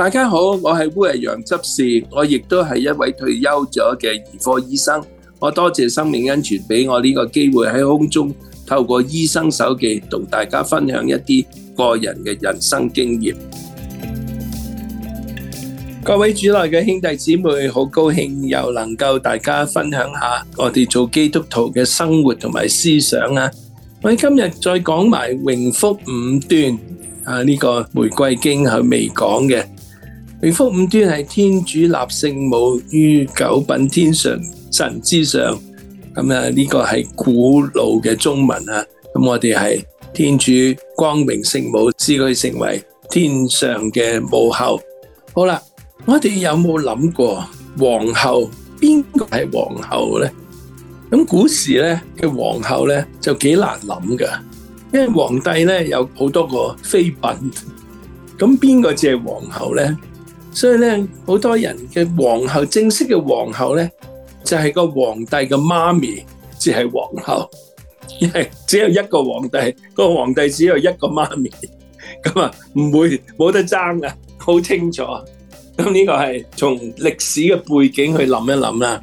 大家好，我係烏羊執事，我亦都係一位退休咗嘅兒科醫生。我多謝生命恩泉俾我呢個機會喺空中透過醫生手記同大家分享一啲個人嘅人生經驗。各位主內嘅兄弟姊妹，好高興又能夠大家分享下我哋做基督徒嘅生活同埋思想啊！我今日再講埋榮福五端啊，呢個玫瑰經係未講嘅。榮福五端係天主立聖母於九品天上神之上，咁啊呢個係古老嘅中文啊，咁我哋係天主光明聖母，使佢成為天上嘅母后。好啦，我哋有冇諗過皇后邊個係皇后咧？咁古時咧嘅皇后咧就幾難諗噶因為皇帝咧有好多個妃嬪，咁邊個至係皇后咧？所以咧，好多人嘅皇后，正式嘅皇后咧，就係個皇帝嘅媽咪，即係皇后。因為只有一個皇帝，個皇帝只有一個媽咪，咁啊，唔會冇得爭噶好清楚啊。咁呢個係從歷史嘅背景去諗一諗啦。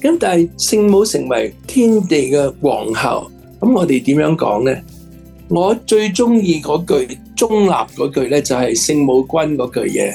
咁但係聖母成為天地嘅皇后，咁我哋點樣講咧？我最中意嗰句中立嗰句咧，就係聖母君嗰句嘢。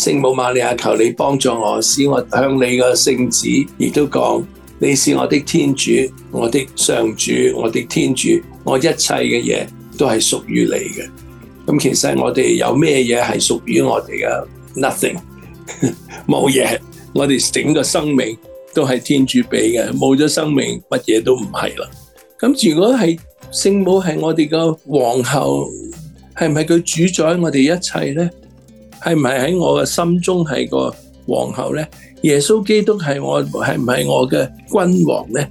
聖母瑪利亞，求你幫助我，使我向你個聖子亦都講，你是我的天主，我的上主，我的天主，我一切嘅嘢都係屬於你嘅。咁其實我哋有咩嘢係屬於我哋嘅？nothing，冇 嘢。我哋整個生命都係天主俾嘅，冇咗生命，乜嘢都唔係啦。咁如果係聖母係我哋個皇后，係唔係佢主宰我哋一切呢？係唔係喺我嘅心中係個皇后呢？耶穌基督是，係唔係我嘅君王呢？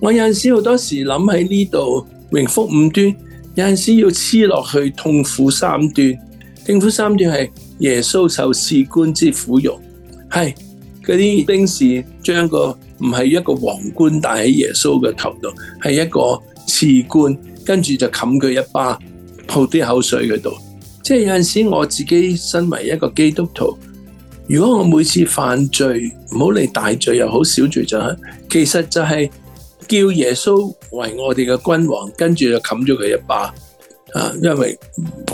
我有陣時好多時諗喺呢度榮福五端，有陣時要黐落去痛苦三端。痛苦三端是耶穌受茨冠之苦辱，是那些兵士將個唔係一個皇冠戴在耶穌的頭上，是一個茨冠，跟住就冚佢一巴，吐啲口水那裡即係有陣時，我自己身為一個基督徒，如果我每次犯罪，唔好理大罪又好小罪就係，其實就係叫耶穌為我哋嘅君王，跟住就冚咗佢一巴啊。因為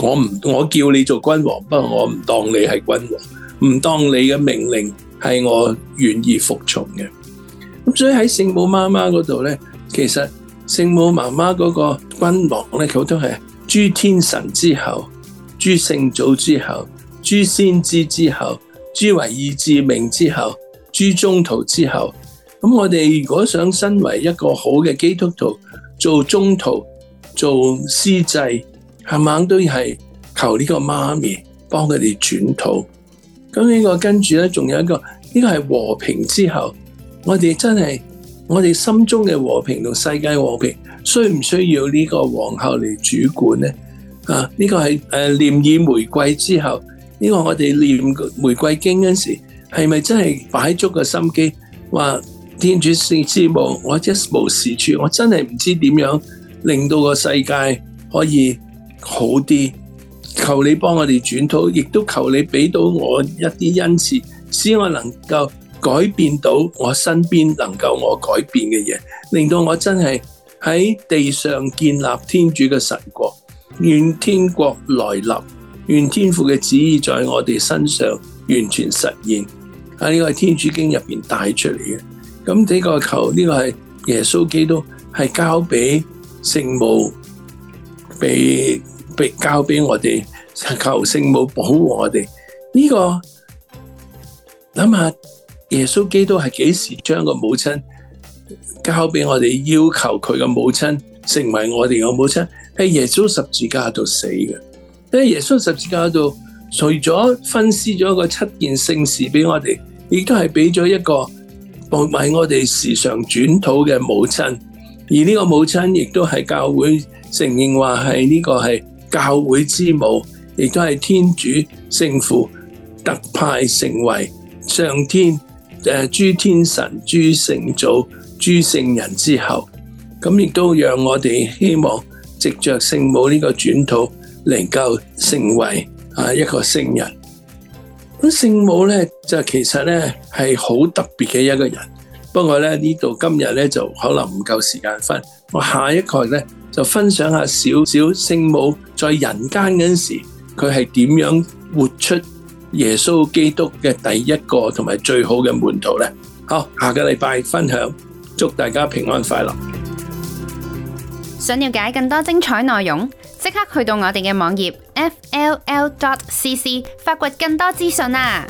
我唔我叫你做君王，不過我唔當你係君王，唔當你嘅命令係我願意服從嘅。咁所以喺聖母媽媽嗰度咧，其實聖母媽媽嗰個君王咧，佢都係諸天神之后。諸聖祖之後，諸先知之後，諸為義致命之後，諸宗徒之後，咁我哋如果想身為一個好嘅基督徒，做宗徒做司祭，係咪都係求呢個媽咪幫佢哋轉禱？咁呢個跟住咧，仲有一個呢、呢個係和平之後，我哋真係我哋心中嘅和平同世界和平，需唔需要呢個皇后嚟主管咧？啊！呢、這個係誒、呃、念以玫瑰之後，呢、這個我哋念玫瑰經嗰時，係咪真係擺足個心機？話天主聖之母，我一無是處，我真係唔知點樣令到個世界可以好啲。求你幫我哋轉禱，亦都求你俾到我一啲恩賜，使我能夠改變到我身邊能夠我改變嘅嘢，令到我真係喺地上建立天主嘅神國。願天國來臨，願天父嘅旨意在我哋身上完全實現。呢個係《天主經》入面帶出嚟嘅，咁呢個求呢個係耶穌基督係交俾聖母，畀，畀交俾我哋求聖母保護我哋。呢個，諗下，耶穌基督係幾時將個母親交俾我哋，要求佢嘅母親。成為我哋嘅母親喺耶穌十字架度死嘅。喺耶穌十字架度，除咗分施咗個七件聖事俾我哋，亦都係俾咗一個唔係我哋時常轉禱嘅母親，而呢個母親亦都係教會承認話係呢個係教會之母，亦都係天主聖父特派成為上天誒諸天神諸、諸聖祖、諸聖人之後。咁亦都讓我哋希望藉着聖母呢個轉禱，能夠成為啊一個聖人。咁聖母呢就其實呢係好特別嘅一個人。不過呢呢度今日呢就可能唔夠時間分，我下一個呢就分享下少少聖母在人間嗰時，佢係點樣活出耶穌基督嘅第一個同埋最好嘅門徒呢。好，下個禮拜分享，祝大家平安快樂。想了解更多精彩內容，即刻去到我哋嘅網頁 fll.cc，發掘更多資訊啊！